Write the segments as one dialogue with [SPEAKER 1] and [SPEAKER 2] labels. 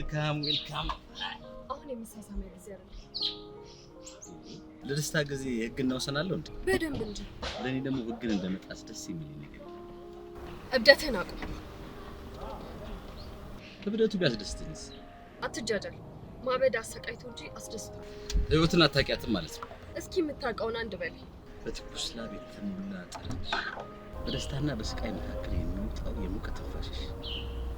[SPEAKER 1] ዌልካም ዌልካም።
[SPEAKER 2] አሁን የምሳሳማ ጊዜ አይደለም።
[SPEAKER 1] ለደስታ ጊዜ ህግ እናውሰናለሁ እንዴ? በደንብ እንጂ። ለእኔ ደግሞ ህግን እንደመጣስ ደስ የሚል ነገር
[SPEAKER 2] እብደትህን አቁም።
[SPEAKER 1] እብደቱ ቢያስደስትኝስ?
[SPEAKER 2] አትጃጃል። ማበድ አሰቃይቶ እንጂ አስደስቷል።
[SPEAKER 1] ህይወትን አታውቂያትም ማለት ነው።
[SPEAKER 2] እስኪ የምታውቀውን አንድ በል።
[SPEAKER 1] በትኩስ ላብ የተሞላ ጠረንሽ፣ በደስታና በስቃይ መካከል የሚወጣው የሙቀት ትንፋሽሽ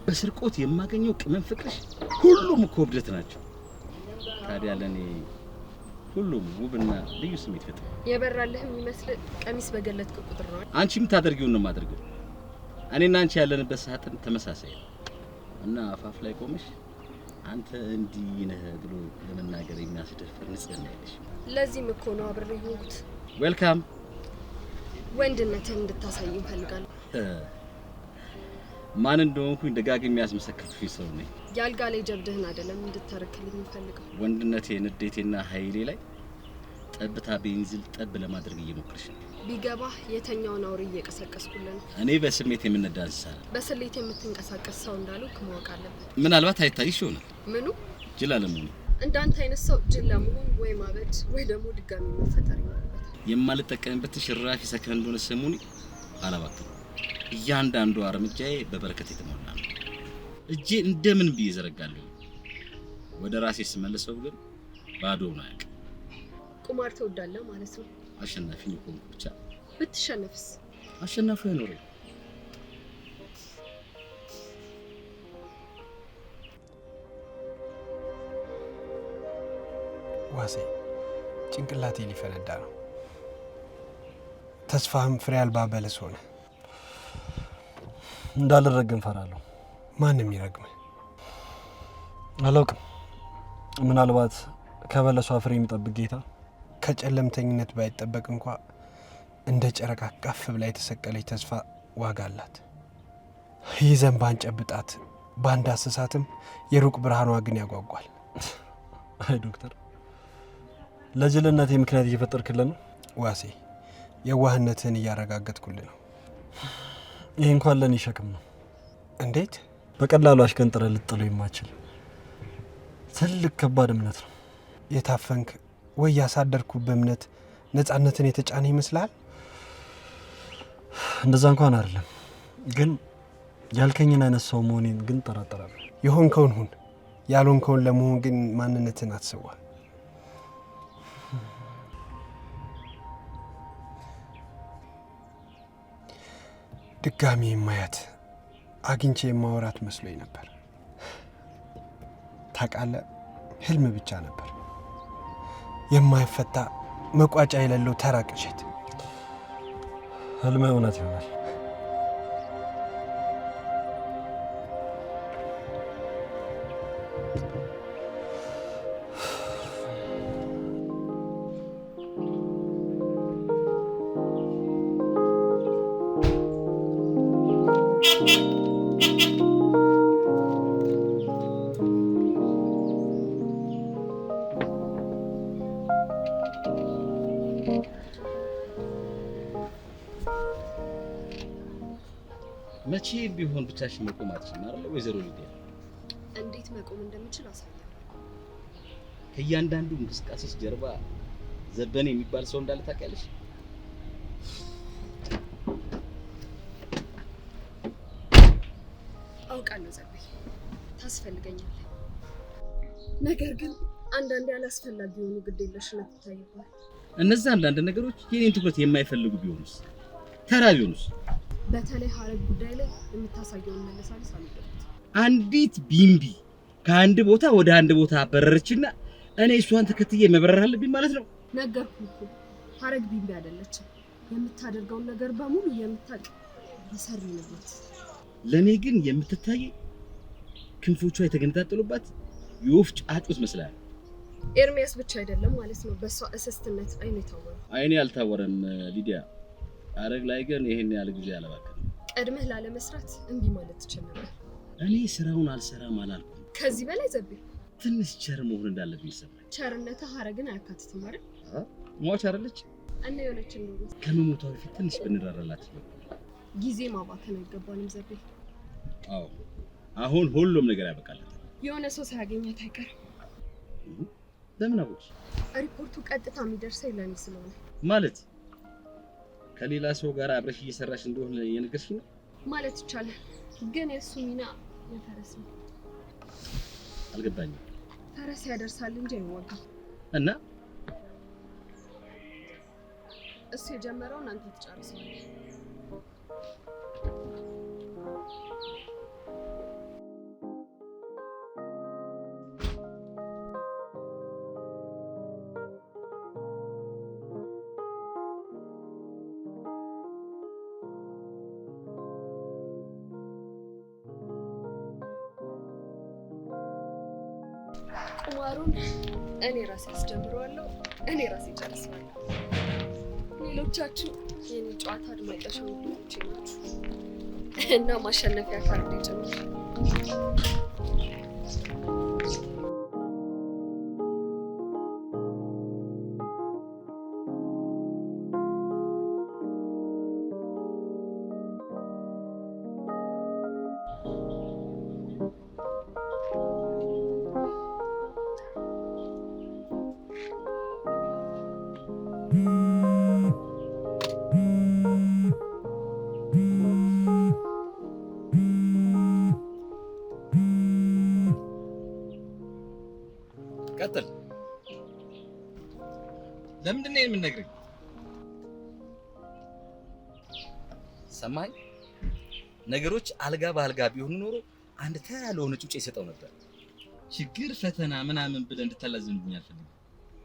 [SPEAKER 1] በስርቆት የማገኘው ቅመም ፍቅርሽ፣ ሁሉም እኮ እብደት ናቸው። ታዲያ ለእኔ ሁሉም ውብና ልዩ ስሜት ፈጥ
[SPEAKER 2] የበራልህ የሚመስል ቀሚስ በገለጥክ ቁጥር ነው።
[SPEAKER 1] አንቺ የምታደርጊውን ነው የማደርገው። እኔና አንቺ ያለንበት ሳጥን ተመሳሳይ ነው እና አፋፍ ላይ ቆመሽ አንተ እንዲህ ነህ ብሎ ለመናገር የሚያስደፍር ንጽህና ያለሽ።
[SPEAKER 2] ለዚህም እኮ ነው አብሬ ሆንኩት። ዌልካም። ወንድነትን እንድታሳይ እንፈልጋለን።
[SPEAKER 1] ማን እንደሆንኩኝ ደጋግሜ ያስመሰከርኩኝ ሰው ነኝ።
[SPEAKER 2] ያልጋ ላይ ጀብድህን አይደለም እንድታረክልኝ የምፈልገው።
[SPEAKER 1] ወንድነቴ፣ ንዴቴና ኃይሌ ላይ ጠብታ ቤንዚል ጠብ ለማድረግ እየሞከርሽ ነው።
[SPEAKER 2] ቢገባ የተኛውን አውሬ እየቀሰቀስኩልን።
[SPEAKER 1] እኔ በስሜት የምነዳ እንስሳ ነኝ።
[SPEAKER 2] በስሌት የምትንቀሳቀስ ሰው እንዳለው ማወቅ አለበት።
[SPEAKER 1] ምናልባት አይታይሽ ይሆናል። ምኑ ጅል አለመሆኑ።
[SPEAKER 2] እንዳንተ አይነት ሰው ጅል ለመሆን ወይ ማበድ ወይ ደግሞ ድጋሚ መፈጠር ይኖርበታል።
[SPEAKER 1] የማልጠቀምበት ሽራፊ ሰከንድ እንደሆነ ስሙኒ አላባክም እያንዳንዱ እርምጃዬ በበረከት የተሞላ ነው። እጄ እንደምን ብዬ ዘረጋለሁ። ወደ ራሴ ስመልሰው ግን ባዶ ነው። ያውቅ
[SPEAKER 2] ቁማር ትወዳለህ ማለት ነው።
[SPEAKER 1] አሸናፊ ሆን ብቻ።
[SPEAKER 2] ብትሸነፍስ?
[SPEAKER 1] አሸናፊ አይኖርም።
[SPEAKER 3] ዋሴ ጭንቅላቴ ሊፈነዳ ነው። ተስፋህም ፍሬ አልባ በለስ ሆነ። እንዳልረግም ፈራለሁ። ማን የሚረግም
[SPEAKER 4] አላውቅም። ምናልባት ከበለሷ ፍሬ የሚጠብቅ ጌታ
[SPEAKER 3] ከጨለምተኝነት ባይጠበቅ እንኳ እንደ ጨረቃ ቀፍ ብላ የተሰቀለች ተስፋ ዋጋ አላት። ይዘን ባንጨብጣት በአንድ አስሳትም የሩቅ ብርሃኗ ግን ያጓጓል።
[SPEAKER 4] አይ ዶክተር፣ ለጅልነቴ ምክንያት እየፈጠርክልን
[SPEAKER 3] ዋሴ፣ የዋህነትህን እያረጋገጥኩልን ነው።
[SPEAKER 4] ይሄ እንኳን ለኔ ሸክም ነው። እንዴት በቀላሉ አሽቀንጥረ ልጥለው የማችል ትልቅ ከባድ እምነት ነው።
[SPEAKER 3] የታፈንክ ወይ ያሳደርኩ በእምነት ነፃነትን የተጫነ ይመስላል።
[SPEAKER 4] እንደዛ እንኳን አይደለም፣ ግን ያልከኝን አይነት ሰው መሆኔን ግን ጠራጠራለሁ።
[SPEAKER 3] የሆንከውን ሁን፣ ያልሆንከውን ለመሆን ግን ማንነትን አትሰዋል። ድጋሚ የማያት አግኝቼ የማወራት መስሎኝ ነበር። ታውቃለህ፣ ህልም ብቻ ነበር፣ የማይፈታ መቋጫ የሌለው ተራ ቅዠት።
[SPEAKER 4] ህልም እውነት ይሆናል።
[SPEAKER 1] ብቻሽን መቆም አትችልም አይደል ወይዘሮ ሊዲያ?
[SPEAKER 2] እንዴት መቆም እንደምችል አሳያለሁ።
[SPEAKER 1] ከእያንዳንዱ እንቅስቃሴሽ ጀርባ ዘበን የሚባል ሰው እንዳለ ታውቂያለሽ?
[SPEAKER 2] አውቃለሁ ዘበኔ ታስፈልገኛለህ። ነገር ግን አንዳንድ ያላስፈላጊ የሆኑ ግዴለሽነት ይታይባል።
[SPEAKER 1] እነዛ አንዳንድ ነገሮች የኔን ትኩረት የማይፈልጉ ቢሆኑስ? ተራ ቢሆኑስ?
[SPEAKER 2] በተለይ ሀረግ ጉዳይ ላይ የምታሳየውን መለሳለስ
[SPEAKER 1] አንዲት ቢምቢ ከአንድ ቦታ ወደ አንድ ቦታ በረረችና እኔ እሷን ተከትዬ መብረር አለብኝ ማለት ነው።
[SPEAKER 2] ነገርኩህ እኮ ሀረግ ቢምቢ አይደለችም። የምታደርገውን ነገር በሙሉ የምታውቅ ይሰሪ ነባት።
[SPEAKER 1] ለእኔ ግን የምትታይ ክንፎቿ የተገነጣጠሉባት የወፍ ጫጩት መስላል።
[SPEAKER 2] ኤርሚያስ ብቻ አይደለም ማለት ነው በእሷ እስስትነት አይን የታወረ
[SPEAKER 1] አይኔ አልታወረም ሊዲያ አረግ ላይ ግን ይሄን ያህል ጊዜ አላባክንም።
[SPEAKER 2] ቀድመህ ላለመስራት እምቢ ማለት ትችል
[SPEAKER 1] እኔ ስራውን አልሰራም አላልኩም።
[SPEAKER 2] ከዚህ በላይ ዘቤ ትንሽ ቸር መሆን እንዳለብኝ ይሰማል። ቸርነት ሐረግን አያካትትም አይደል? ሟች አይደለች እና የሆነች እንደሆነ
[SPEAKER 1] ከመሞቷ በፊት ትንሽ ብንራራላት
[SPEAKER 2] ጊዜ ማባከን አይገባንም ዘቤ።
[SPEAKER 1] አዎ አሁን ሁሉም ነገር ያበቃለታል።
[SPEAKER 2] የሆነ ሰው ሳያገኛት አይቀርም። ለምን አቦች ሪፖርቱ ቀጥታ የሚደርሰው ለእኔ ስለሆነ
[SPEAKER 1] ማለት ከሌላ ሰው ጋር አብረሽ እየሰራሽ እንደሆነ ነው
[SPEAKER 2] ማለት ይቻላል። ግን የእሱ ሚና የፈረስ ነው። አልገባኝም። ፈረስ ያደርሳል እንጂ አይዋጋም። እና እሱ የጀመረው አንተ ትጨርሰዋለህ። ቁማሩን እኔ ራሴ አስጀምረዋለሁ፣ እኔ ራሴ ጨርሰዋለሁ። ሌሎቻችሁ የኔ ጨዋታ አድማጮች ወንድሞቼ ናችሁ እና ማሸነፊያ ካርድ ጭምር
[SPEAKER 1] የምትነግረኝ? ሰማኝ። ነገሮች አልጋ በአልጋ ቢሆኑ ኖሮ አንድ ተራ ለሆነ ጩጬ ይሰጠው ነበር። ችግር፣ ፈተና ምናምን ብለህ እንድታላዝንብኝ አልፈልግም።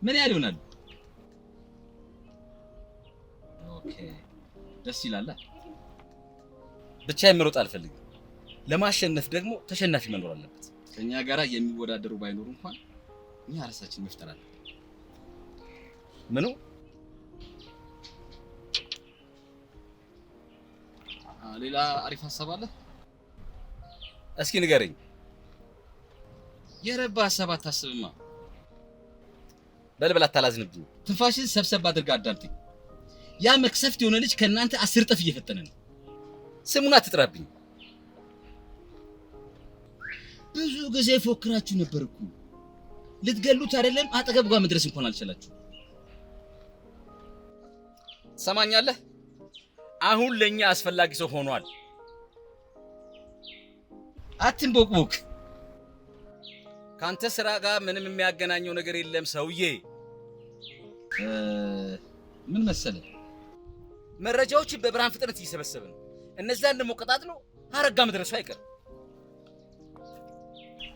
[SPEAKER 1] ምን ያህል ይሆናል? ኦኬ፣ ደስ ይላል። ብቻ የምሮጥ አልፈልግም። ለማሸነፍ ደግሞ ተሸናፊ መኖር አለበት። ከኛ ጋር የሚወዳደሩ ባይኖሩ እንኳን እኛ ራሳችን መፍጠር አለብን። ምኑ ሌላ አሪፍ ሀሳብ አለ? እስኪ ንገረኝ። የረባ ሀሳብ አታስብማ። በልበል አታላዝንብኝ። ትንፋሽን ሰብሰብ አድርጋ አዳምጥኝ። ያ መክሰፍት የሆነ ልጅ ከእናንተ አስር እጥፍ እየፈጠነ ነው። ስሙን አትጥራብኝ። ብዙ ጊዜ ፎክራችሁ ነበር እኮ ልትገሉት አይደለም፣ አጠገብ ጋር መድረስ እንኳን አልቻላችሁ። ትሰማኛለህ? አሁን ለእኛ አስፈላጊ ሰው ሆኗል። አትን ቦቅቦቅ ከአንተ ስራ ጋር ምንም የሚያገናኘው ነገር የለም ሰውዬ። ምን መሰለ፣ መረጃዎችን በብርሃን ፍጥነት እየሰበሰብ ነው። እነዛን ደግሞ ቀጣጥሎ ሀረጋ መድረሱ አይቀርም።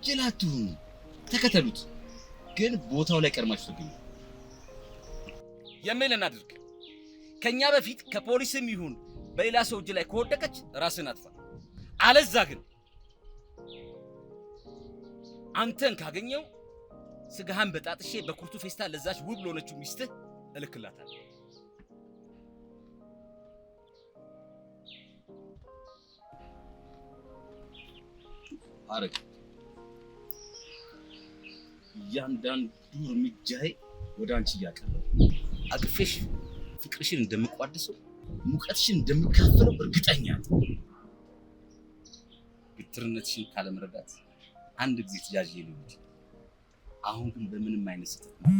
[SPEAKER 1] ጅላቱን ተከተሉት፣ ግን ቦታው ላይ ቀድማችሁ ትገኙ። የምን እናድርግ ከኛ በፊት ከፖሊስም ይሁን በሌላ ሰው እጅ ላይ ከወደቀች ራስን አጥፋ። አለዛ ግን አንተን ካገኘው ስጋህን በጣጥሼ በኩርቱ ፌስታ ለዛች ውብ ለሆነችው ሚስትህ እልክላታል። አረግ እያንዳንዱ እርምጃዬ ወደ አንቺ እያቀረበ አቅፌሽ ፍቅርሽን እንደምቋደሰው ሙቀትሽን እንደምካፈለው እርግጠኛ ነው። ግትርነትሽን ካለመረዳት አንድ ጊዜ ትጃዥ ልጅ አሁን ግን በምንም አይነት ስጠት ነው።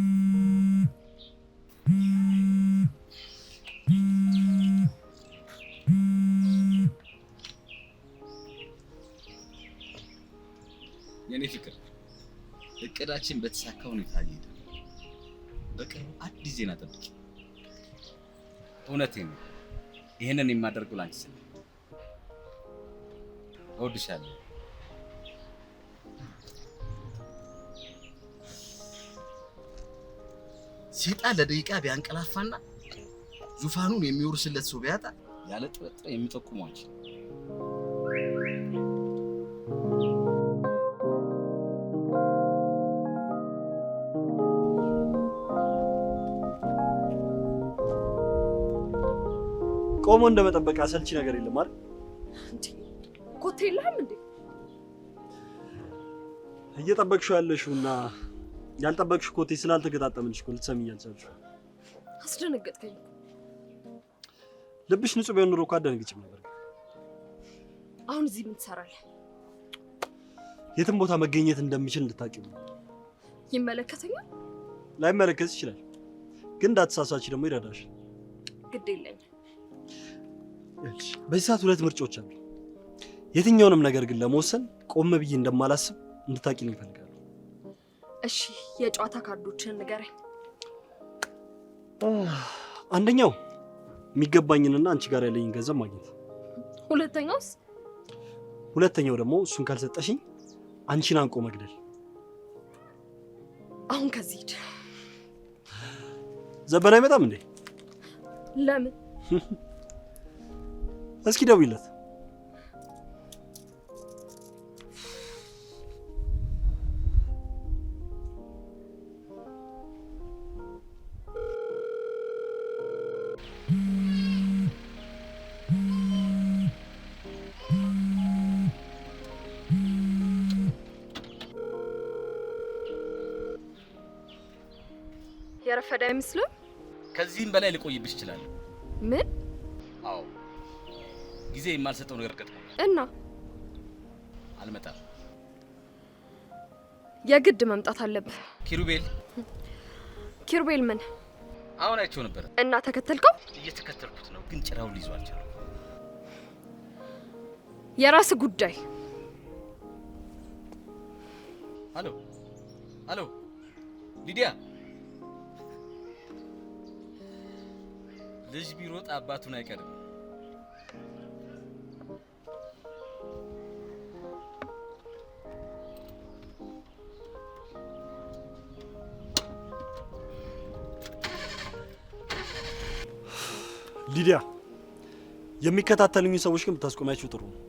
[SPEAKER 1] የኔ ፍቅር እቅዳችን በተሳካ ሁኔታ እየሄደ በቅርቡ አዲስ ዜና ጠብቂ። እውነቴ ነው። ይህንን የማደርገው ላንቺ ስል እወድሻለሁ። ሴጣን ለደቂቃ ቢያንቀላፋና ዙፋኑን የሚወርስለት ሰው ቢያጣ ያለ ጥርጥር የሚጠቁሟቸው ቆሞ እንደመጠበቅ አሰልቺ ነገር የለም አይደል? እንዴ
[SPEAKER 2] ኮቴ የለህም እንዴ?
[SPEAKER 1] እየጠበቅሽው ያለሽው እና ያልጠበቅሽው ኮቴ ስላልተገጣጠምልሽ እኮ ልትሰሚኝ አልቻልሽው።
[SPEAKER 2] አስደነገጥከኝ።
[SPEAKER 1] ልብሽ ንጹህ ቢሆን ኑሮ እኮ አደነግጭም ነበር።
[SPEAKER 2] አሁን እዚህ ምን ትሰራለህ?
[SPEAKER 1] የትም ቦታ መገኘት እንደምችል እንድታቂው ነው።
[SPEAKER 2] ይመለከተኛል።
[SPEAKER 1] ላይመለከት ይችላል፣ ግን እንዳትሳሳች ደግሞ ይረዳሽ። ግድ የለኝም በዚህ ሰዓት ሁለት ምርጫዎች አሉ። የትኛውንም ነገር ግን ለመወሰን ቆም ብዬ እንደማላስብ እንድታቂልኝ ይፈልጋሉ።
[SPEAKER 2] እሺ፣ የጨዋታ ካርዶችን ንገረኝ።
[SPEAKER 1] አንደኛው የሚገባኝንና አንቺ ጋር ያለኝን ገንዘብ ማግኘት፣ ሁለተኛውስ? ሁለተኛው ደግሞ እሱን ካልሰጠሽኝ አንቺን አንቆ መግደል። አሁን ከዚህ ሂድ። ዘበን አይመጣም እንዴ?
[SPEAKER 2] ለምን እስኪ ደውይለት። የረፈደ አይመስልም።
[SPEAKER 1] ከዚህም በላይ ልቆይብሽ ይችላል። ምን ጊዜ የማልሰጠው ነገር ገጥሞኝ እና አልመጣም።
[SPEAKER 2] የግድ መምጣት አለብህ። ኪሩቤል ኪሩቤል ምን
[SPEAKER 1] አሁን አይቼው ነበር እና ተከተልከው? እየተከተልኩት ነው፣ ግን ጭራውን ሊይዘው አልቻለም።
[SPEAKER 2] የራስ ጉዳይ።
[SPEAKER 1] አሎ አሎ፣ ሊዲያ ልጅ ቢሮጥ አባቱን አይቀርም። ሊዲያ፣ የሚከታተሉኝ ሰዎች ግን ብታስቆሚያቸው ጥሩ ነው።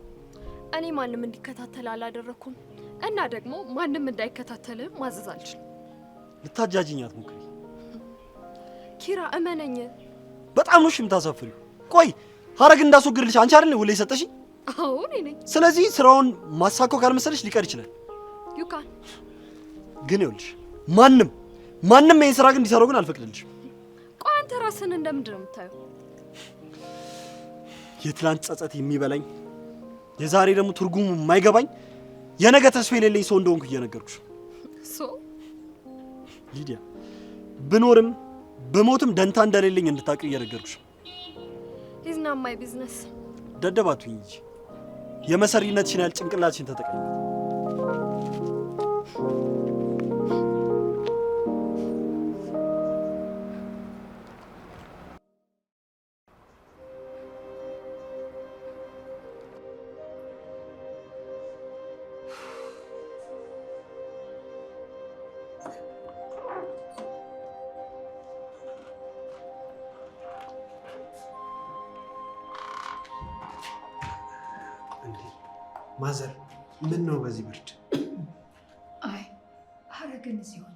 [SPEAKER 2] እኔ ማንም እንዲከታተል አላደረኩም እና ደግሞ ማንም እንዳይከታተል ማዘዝ አልችልም።
[SPEAKER 1] ልታጃጅኝ አትሞክሪ
[SPEAKER 2] ኪራ፣ እመነኝ።
[SPEAKER 1] በጣም ነው የምታሳፍሪው። ቆይ ሀረግ እንዳስወግድልሽ አንቺ አይደል ሁሌ የሰጠሽኝ?
[SPEAKER 2] አዎ እኔ ነኝ።
[SPEAKER 1] ስለዚህ ስራውን ማሳኮ ካልመሰለሽ ሊቀር ይችላል። ዩካን ግን ይኸውልሽ ማንም ማንም ይሄን ስራ ግን እንዲሰራው ግን አልፈቅድልሽም።
[SPEAKER 2] ቆይ አንተ ራስህን እንደምንድን ነው የምታየው?
[SPEAKER 1] የትላንት ጸጸት የሚበላኝ የዛሬ ደግሞ ትርጉሙ የማይገባኝ የነገ ተስፋ የሌለኝ ሰው እንደሆንኩ እየነገርኩሽ ሊዲያ፣ ብኖርም በሞትም ደንታ እንደሌለኝ እንድታቅር እየነገርኩሽ።
[SPEAKER 2] ሂዝና ማይ ቢዝነስ
[SPEAKER 1] ደደባቱ እንጂ የመሰሪነትሽን ያህል ጭንቅላትሽን ተጠቀሚበት።
[SPEAKER 3] ማዘር ምን ነው በዚህ ብርድ?
[SPEAKER 2] አይ አረግን ሲሆን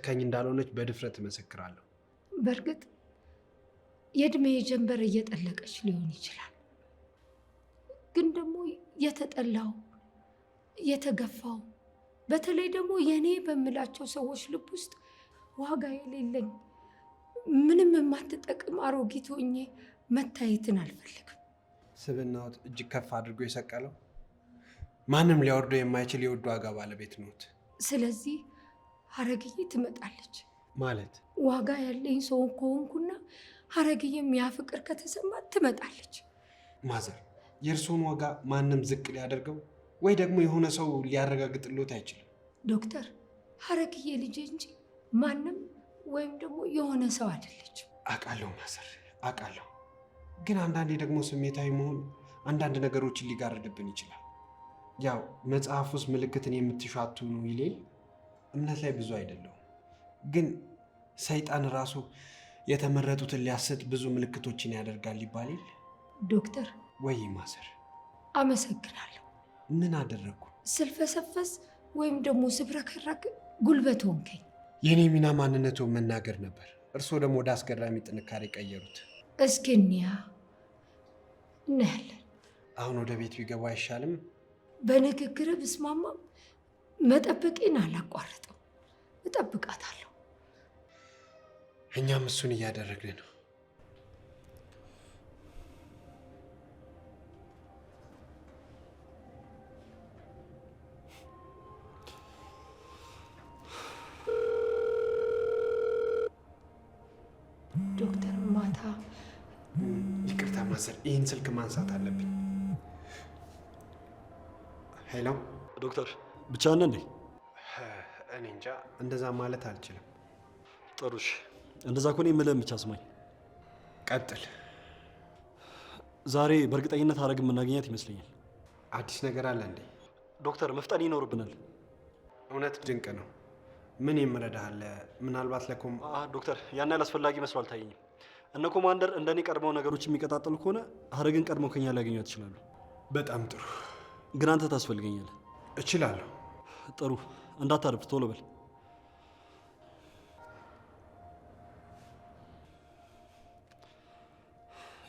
[SPEAKER 3] ጨካኝ እንዳልሆነች በድፍረት እመሰክራለሁ።
[SPEAKER 2] በእርግጥ የእድሜ ጀንበር እየጠለቀች ሊሆን ይችላል። ግን ደግሞ የተጠላው የተገፋው፣ በተለይ ደግሞ የእኔ በምላቸው ሰዎች ልብ ውስጥ ዋጋ የሌለኝ ምንም የማትጠቅም አሮጊት ሆኜ መታየትን አልፈልግም።
[SPEAKER 3] ስብናዎት እጅግ ከፍ አድርጎ የሰቀለው ማንም ሊያወርደው የማይችል የውድ ዋጋ ባለቤት ነዎት።
[SPEAKER 2] ስለዚህ ሀረግዬ ትመጣለች ማለት ዋጋ ያለኝ ሰው ከሆንኩና ሀረግዬም ያ ፍቅር ከተሰማ ትመጣለች።
[SPEAKER 3] ማዘር የእርሶን ዋጋ ማንም ዝቅ ሊያደርገው ወይ ደግሞ የሆነ ሰው ሊያረጋግጥሎት አይችልም።
[SPEAKER 2] ዶክተር ሀረግዬ ልጅ እንጂ ማንም ወይም ደግሞ የሆነ ሰው አይደለች።
[SPEAKER 3] አውቃለሁ ማዘር አውቃለሁ። ግን አንዳንዴ ደግሞ ስሜታዊ መሆን አንዳንድ ነገሮችን ሊጋርድብን ይችላል። ያው መጽሐፍ ውስጥ ምልክትን የምትሻቱ ነው ይሌል እምነት ላይ ብዙ አይደለሁም፣ ግን ሰይጣን ራሱ የተመረጡትን ሊያስጥ ብዙ ምልክቶችን ያደርጋል ይባል ዶክተር። ወይ ማሰር
[SPEAKER 2] አመሰግናለሁ።
[SPEAKER 3] ምን አደረግኩ?
[SPEAKER 2] ስልፈሰፈስ ወይም ደግሞ ስብረከረክ ጉልበት ሆንከኝ።
[SPEAKER 3] የእኔ ሚና ማንነቱ መናገር ነበር። እርስዎ ደግሞ ወደ አስገራሚ ጥንካሬ ቀየሩት።
[SPEAKER 2] እስኪ እንያ እናያለን።
[SPEAKER 3] አሁን ወደ ቤት ቢገባ አይሻልም?
[SPEAKER 2] በንግግር ብስማማም መጠበቄን አላቋርጥም፣ እጠብቃታለሁ።
[SPEAKER 3] እኛም እሱን እያደረግን ነው። ብቻህን እንዴ? እኔ እንጃ፣ እንደዛ ማለት አልችልም።
[SPEAKER 1] ጥሩሽ፣ እንደዛ ኮኔ የምልህን ብቻ ስማኝ፣ ቀጥል። ዛሬ በእርግጠኝነት አረግ የምናገኛት ይመስለኛል።
[SPEAKER 3] አዲስ ነገር አለ እንዴ?
[SPEAKER 1] ዶክተር፣ መፍጠን ይኖርብናል።
[SPEAKER 3] እውነት ድንቅ ነው። ምን ይምረዳለ? ምናልባት ለኮም
[SPEAKER 1] ዶክተር፣ ያን ያህል አስፈላጊ መስሎ አልታየኝም። እነ ኮማንደር እንደኔ ቀድመው ነገሮች የሚቀጣጠሉ ከሆነ ሀረግን ቀድመው ከኛ ሊያገኟት ይችላሉ። በጣም ጥሩ። ግን አንተ ታስፈልገኛለህ። እችላለሁ ጥሩ እንዳታረፍድ፣ ቶሎ በል።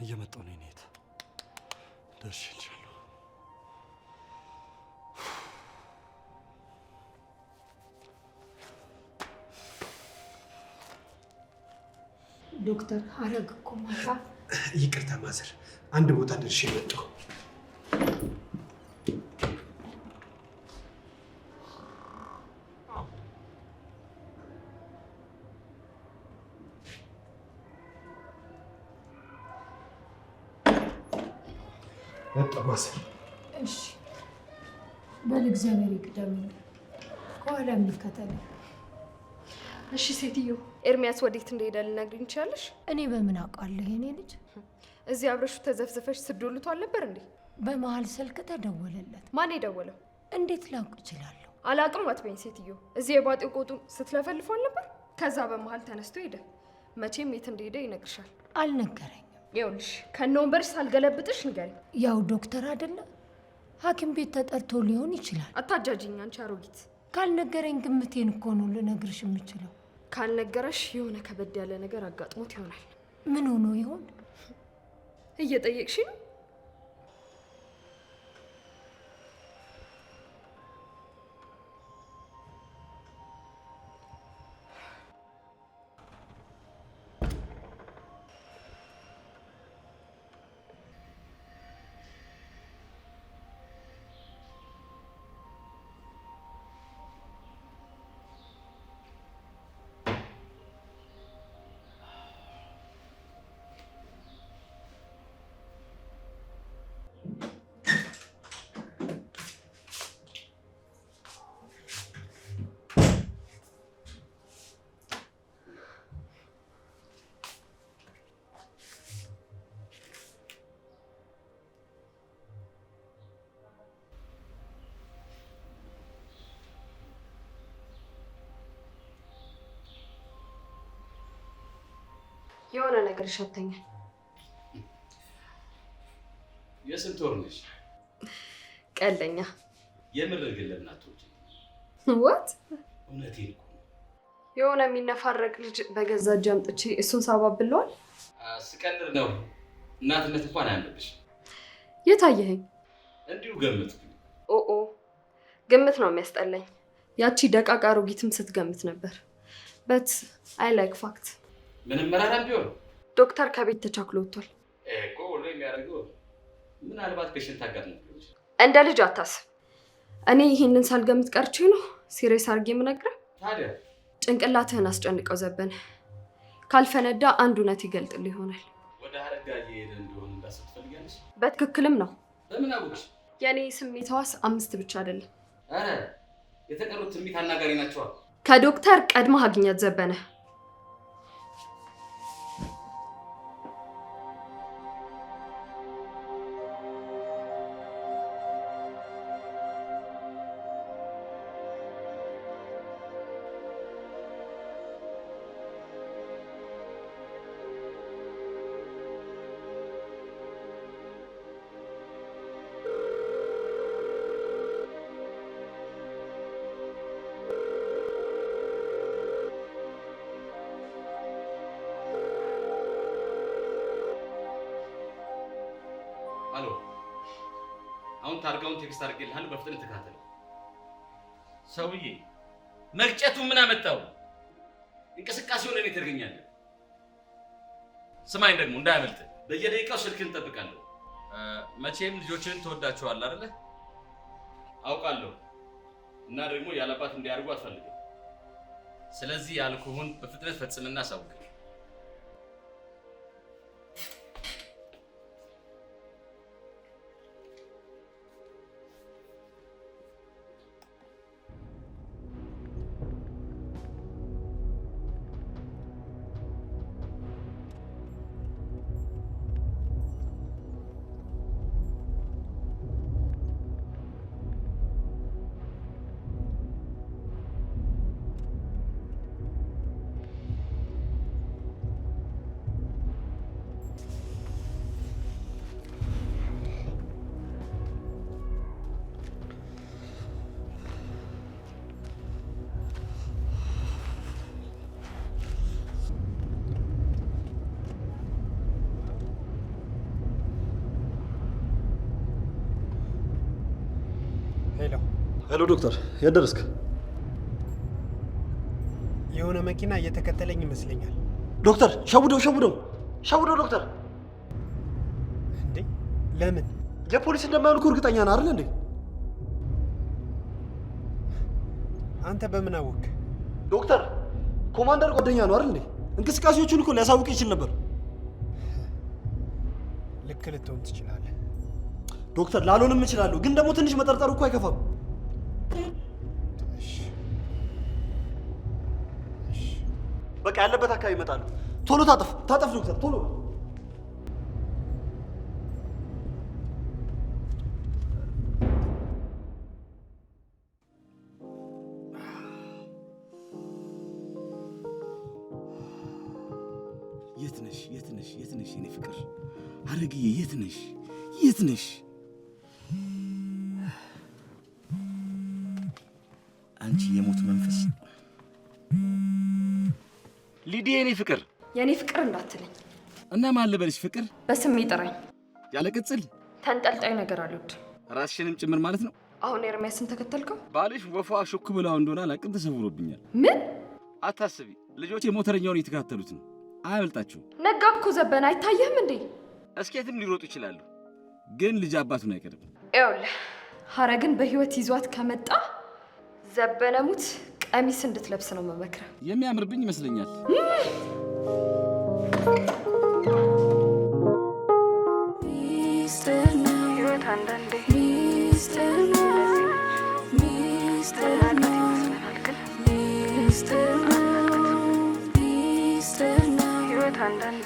[SPEAKER 3] እየመጣሁ ነው። ኔት ደርሼ እልሻለሁ።
[SPEAKER 2] ዶክተር አረግ እኮ ማታ።
[SPEAKER 3] ይቅርታ ማዘር፣ አንድ ቦታ ደርሼ መጣሁ። ያጠማሰል
[SPEAKER 2] እሺ፣ በል እግዚአብሔር ይቅደም፣ ከኋላ እንከተል። እሺ ሴትዮ፣ ኤርሚያስ ወዴት እንደሄደ ልነግሪኝ ትችያለሽ? እኔ በምን አውቃለሁ? የኔ ልጅ እዚህ አብረሹ ተዘፍዘፈሽ ስዶልቶ አልነበር እንዴ? በመሀል ስልክ ተደወለለት። ማን የደወለው? እንዴት ላውቅ እችላለሁ? አላቅም አትበይኝ ሴትዮ። እዚህ የባጤ ቆጡን ስትለፈልፎ አልነበር? ከዛ በመሀል ተነስቶ ሄደ። መቼም የት እንደሄደ ይነግርሻል። አልነገረኝ ይኸውልሽ ከነ ወንበርሽ ሳልገለብጥሽ ንገሪኝ። ያው ዶክተር አደለ ሐኪም ቤት ተጠርቶ ሊሆን ይችላል። አታጃጅኝ አንቺ አሮጊት። ካልነገረኝ ግምቴን እኮ ነው ልነግርሽ የምችለው። ካልነገረሽ የሆነ ከበድ ያለ ነገር አጋጥሞት ይሆናል። ምን ሆኖ ይሆን? እየጠየቅሽኝ የሆነ ነገር ይሸተኛል።
[SPEAKER 1] የስንት ወር ነሽ? ቀለኛ የምር ግን ለምን አትወጪ? ወት እውነቴን እኮ
[SPEAKER 2] የሆነ የሚነፋረቅ ልጅ በገዛ እጅ አምጥቼ እሱን ሳባ ብለዋል።
[SPEAKER 1] ስቀልር ነው እናትነት እንኳን አያምርብሽ። የታየኸኝ እንዲሁ ገምት።
[SPEAKER 2] ኦኦ ግምት ነው የሚያስጠላኝ። ያቺ ደቃቃ አሮጊትም ስትገምት ነበር በት አይ ላይክ ፋክት
[SPEAKER 1] ምንም መራራም ቢሆን
[SPEAKER 2] ዶክተር ከቤት ተቻክሎ ወጥቷል
[SPEAKER 1] እኮ ሁሉ የሚያደርገው ምናልባት በሽንት አጋጥሞ
[SPEAKER 2] እንደ ልጅ አታስብ። እኔ ይህንን ሳልገምት ቀርቼ ነው ሲሬስ አድርጌ የምነግረ። ታዲያ ጭንቅላትህን አስጨንቀው ዘበነ ካልፈነዳ አንድ እውነት ይገልጥል ይሆናል።
[SPEAKER 1] ወደ አረጋ እየሄደ እንደሆነ እንዳስብ ትፈልጊያለሽ?
[SPEAKER 2] በትክክልም ነው። በምን አወቅሽ? የእኔ ስሜት ሕዋስ አምስት ብቻ አይደለም።
[SPEAKER 1] ኧረ የተቀሩት ትንቢት አናጋሪ ናቸዋል።
[SPEAKER 2] ከዶክተር ቀድማ አግኘት ዘበነ።
[SPEAKER 1] ታርጋውን ቴክስት አድርጌልሃል፣ በፍጥነት ተካተል። ሰውዬ መቅጨቱ ምን አመጣው? እንቅስቃሴውን እኔ ተገኛለሁ። ስማኝ ደግሞ እንዳያመልጥ በየደቂቃው ስልክህን እንጠብቃለሁ። መቼም ልጆችን ትወዳቸዋል አይደለ? አውቃለሁ። እና ደግሞ ያለባት እንዲያደርጉ አትፈልግም። ስለዚህ ያልኩህን በፍጥነት ፈጽምና አሳውቅ። ሄሎ ዶክተር፣ የት ደረስክ?
[SPEAKER 3] የሆነ መኪና እየተከተለኝ ይመስለኛል።
[SPEAKER 1] ዶክተር ሸውደው፣ ሸውደው፣ ሸውደው ዶክተር።
[SPEAKER 3] እንዴ ለምን?
[SPEAKER 1] የፖሊስ እንደማይሆን እኮ እርግጠኛ ነህ አይደል? እንዴ
[SPEAKER 3] አንተ በምን አወቅ?
[SPEAKER 1] ዶክተር ኮማንደር ጓደኛ ነው አይደል? እንዴ እንቅስቃሴዎቹን እኮ ሊያሳውቅ ይችል ነበር።
[SPEAKER 3] ልክ ልትሆን ትችላለህ
[SPEAKER 1] ዶክተር። ላልሆንም እችላለሁ፣ ግን ደግሞ ትንሽ መጠርጠር እኮ አይከፋም። በቃ ያለበት አካባቢ ይመጣሉ። ቶሎ ታጠፍ ታጠፍ፣ ዶክተር ቶሎ የት ነሽ? የት ነሽ? የት ነሽ? የኔ ፍቅር አረግዬ የት ነሽ? የት ነሽ? አንቺ የሞት የኔ ፍቅር
[SPEAKER 2] የኔ ፍቅር እንዳትለኝ
[SPEAKER 1] እና ማን ልበልሽ? ፍቅር በስሜ ጥራኝ። ያለ ቅጽል
[SPEAKER 2] ተንጠልጣይ ነገር አሉት
[SPEAKER 1] ራስሽንም ጭምር ማለት ነው።
[SPEAKER 2] አሁን ኤርሚያስን ተከተልከው?
[SPEAKER 1] ባልሽ ወፏ ሹክ ብላው እንደሆነ አላቅም፣ ተሰውሮብኛል። ምን አታስቢ፣ ልጆቼ ሞተረኛውን እየተከታተሉት ነው። አያመልጣችሁም።
[SPEAKER 2] ነጋ እኮ ዘበነ፣ አይታየህም እንዴ?
[SPEAKER 1] እስኬትም ሊሮጡ ይችላሉ፣ ግን ልጅ አባቱን አይቀርም።
[SPEAKER 2] ይኸውልህ ሀረግን በህይወት ይዟት ከመጣ ዘበነ ሙት ቀሚስ እንድትለብስ ነው መመክረ።
[SPEAKER 1] የሚያምርብኝ ይመስለኛል።
[SPEAKER 2] አንዳንዴ